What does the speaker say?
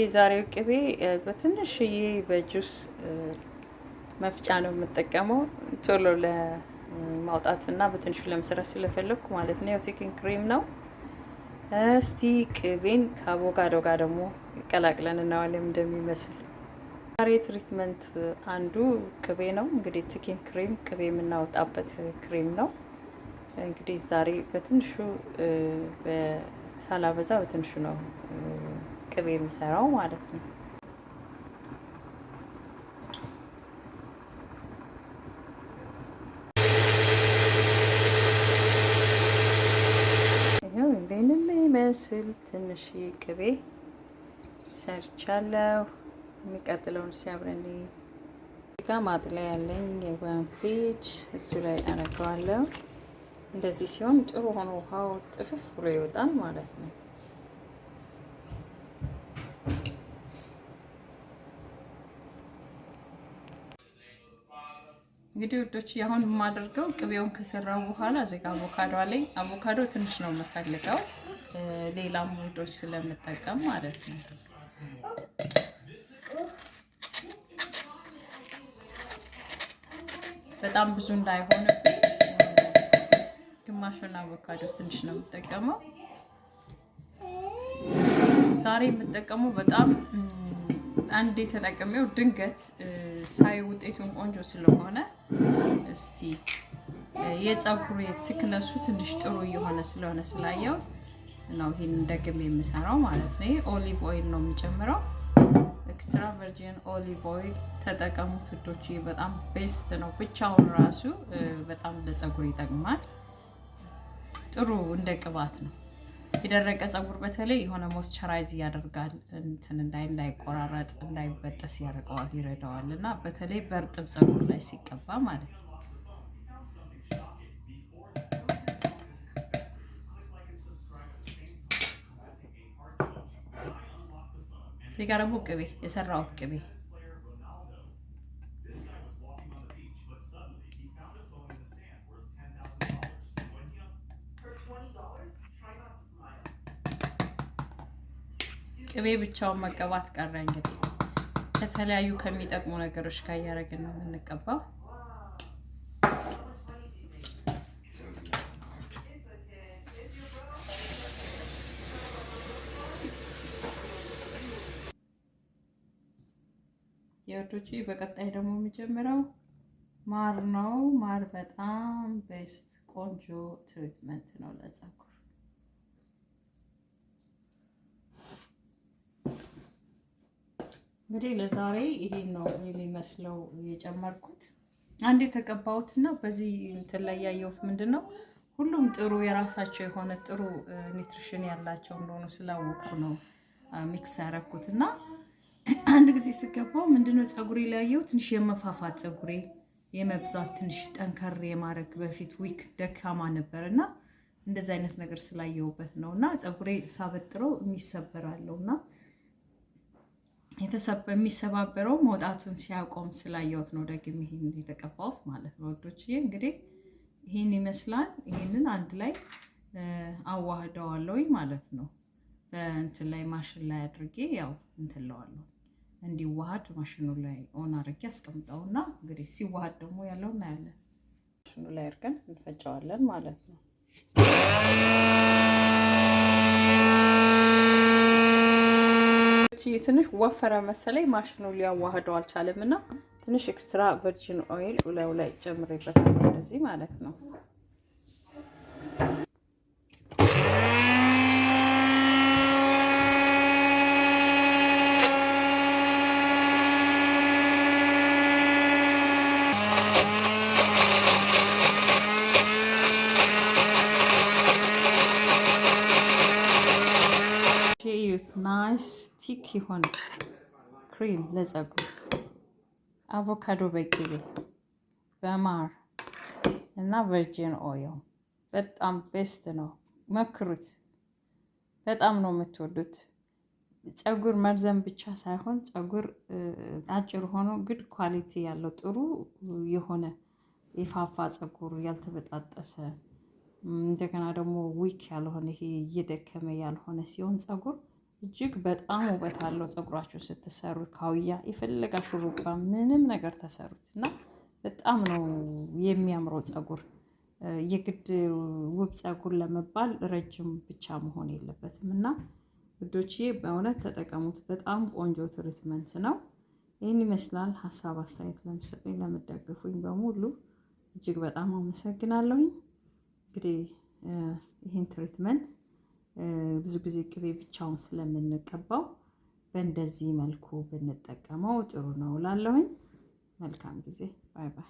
የዛሬው ቅቤ በትንሽዬ በጁስ መፍጫ ነው የምጠቀመው ቶሎ ለማውጣትና በትንሹ ለመስራት ስለፈለግኩ ማለት ነው። የቲክን ክሬም ነው። እስቲ ቅቤን ከአቮካዶ ጋር ደግሞ ቀላቅለን እናዋለም እንደሚመስል ዛሬ ትሪትመንት አንዱ ቅቤ ነው። እንግዲህ ቲክን ክሬም ቅቤ የምናወጣበት ክሬም ነው። እንግዲህ ዛሬ በትንሹ ሳላበዛ በትንሹ ነው ቅቤ የሚሰራው ማለት ነው። ስል ትንሽ ቅቤ ሰርቻለሁ። የሚቀጥለውን ሲያብረን ጋ ማጥለያ ያለኝ የወንፊት እሱ ላይ አረገዋለሁ። እንደዚህ ሲሆን ጥሩ ሆኖ ውሃው ጥፍፍ ብሎ ይወጣል ማለት ነው። እንግዲህ ውዶች አሁን የማደርገው ቅቤውን ከሰራው በኋላ ጋር አቮካዶ አለኝ። አቮካዶ ትንሽ ነው የምፈልገው ሌላም ውዶች ስለምጠቀም ማለት ነው። በጣም ብዙ እንዳይሆንብኝ ግማሹን አቮካዶ ትንሽ ነው የምጠቀመው ዛሬ የምጠቀመው በጣም አንድ የተጠቀመው ድንገት ሳይ ውጤቱን ቆንጆ ስለሆነ እስቲ የፀጉር ትክነሱ ትንሽ ጥሩ እየሆነ ስለሆነ ስላየው ነው ይሄን ደግሜ የምሰራው ማለት ነው። ኦሊቭ ኦይል ነው የሚጨምረው። ኤክስትራ ቨርጂን ኦሊቭ ኦይል ተጠቀሙት ውዶች፣ በጣም ቤስት ነው። ብቻውን ራሱ በጣም ለፀጉር ይጠቅማል። ጥሩ እንደ ቅባት ነው። የደረቀ ፀጉር በተለይ የሆነ ሞስቸራይዝ ያደርጋል። እንትን እንዳይ እንዳይቆራረጥ እንዳይበጠስ ያደርገዋል፣ ይረዳዋል። እና በተለይ በእርጥብ ፀጉር ላይ ሲቀባ ማለት ነው። እዚህ ደግሞ ቅቤ የሰራሁት ቅቤ ቅቤ ብቻውን መቀባት ቀረ። እንግዲህ ከተለያዩ ከሚጠቅሙ ነገሮች ጋር እያደረግን ነው የምንቀባው። የወዶች በቀጣይ ደግሞ የሚጀምረው ማር ነው። ማር በጣም ቤስት ቆንጆ ትሪትመንት ነው ለፀጉር እንግዲህ ለዛሬ ይሄን ነው የሚመስለው የጨመርኩት። አንድ የተቀባሁትና በዚህ እንትን ላይ ያየሁት ምንድን ነው ሁሉም ጥሩ የራሳቸው የሆነ ጥሩ ኒትሪሽን ያላቸው እንደሆኑ ስላወኩ ነው ሚክስ ያረኩት እና አንድ ጊዜ ስገባው ምንድነው ፀጉሬ ላይ ያየው ትንሽ የመፋፋት ፀጉሬ የመብዛት ትንሽ ጠንከር የማድረግ በፊት ዊክ ደካማ ነበር እና እንደዚህ አይነት ነገር ስላየውበት ነው እና ፀጉሬ ሳበጥረው የሚሰበራለሁ እና የሚሰባበረው መውጣቱን ሲያቆም ስላየሁት ነው። ደግም ይህን የተቀባሁት ማለት ነው ወዶችዬ። እንግዲህ ይህን ይመስላል። ይህንን አንድ ላይ አዋህደዋለሁኝ ማለት ነው። በእንትን ላይ ማሽን ላይ አድርጌ ያው እንትለዋለሁ እንዲዋሃድ ማሽኑ ላይ ኦን አድርጌ አስቀምጠውና እንግዲህ ሲዋሃድ ደግሞ ያለው እናያለን። ማሽኑ ላይ አድርገን እንፈጨዋለን ማለት ነው። ውዶችዬ ትንሽ ወፈረ መሰለኝ ማሽኑ ሊያዋህደው አልቻለም እና ትንሽ ኤክስትራ ቨርጂን ኦይል ላዩ ላይ ጨምሬበታል እንደዚህ ማለት ነው። ናይስ ቲክ የሆነ ክሬም ለፀጉር አቮካዶ በቅቤ በማር እና ቨርጂን ኦይል በጣም ቤስት ነው። መክሩት። በጣም ነው የምትወዱት። ፀጉር መርዘም ብቻ ሳይሆን ፀጉር አጭር ሆኖ ግድ ኳሊቲ ያለው ጥሩ የሆነ የፋፋ ፀጉር ያልተበጣጠሰ እንደገና ደግሞ ዊክ ያልሆነ ይሄ እየደከመ ያልሆነ ሲሆን ፀጉር እጅግ በጣም ውበት አለው። ፀጉራችሁን ስትሰሩ ካውያ የፈለጋ ሹሩባ ምንም ነገር ተሰሩት እና በጣም ነው የሚያምረው ፀጉር። የግድ ውብ ፀጉር ለመባል ረጅም ብቻ መሆን የለበትም እና ውዶቼ በእውነት ተጠቀሙት። በጣም ቆንጆ ትሪትመንት ነው። ይህን ይመስላል። ሀሳብ አስተያየት ለምሰጡኝ ለምደግፉኝ በሙሉ እጅግ በጣም አመሰግናለሁኝ። እንግዲህ ይህን ትሪትመንት ብዙ ጊዜ ቅቤ ብቻውን ስለምንቀባው በእንደዚህ መልኩ ብንጠቀመው ጥሩ ነው እላለሁኝ። መልካም ጊዜ። ባይ ባይ።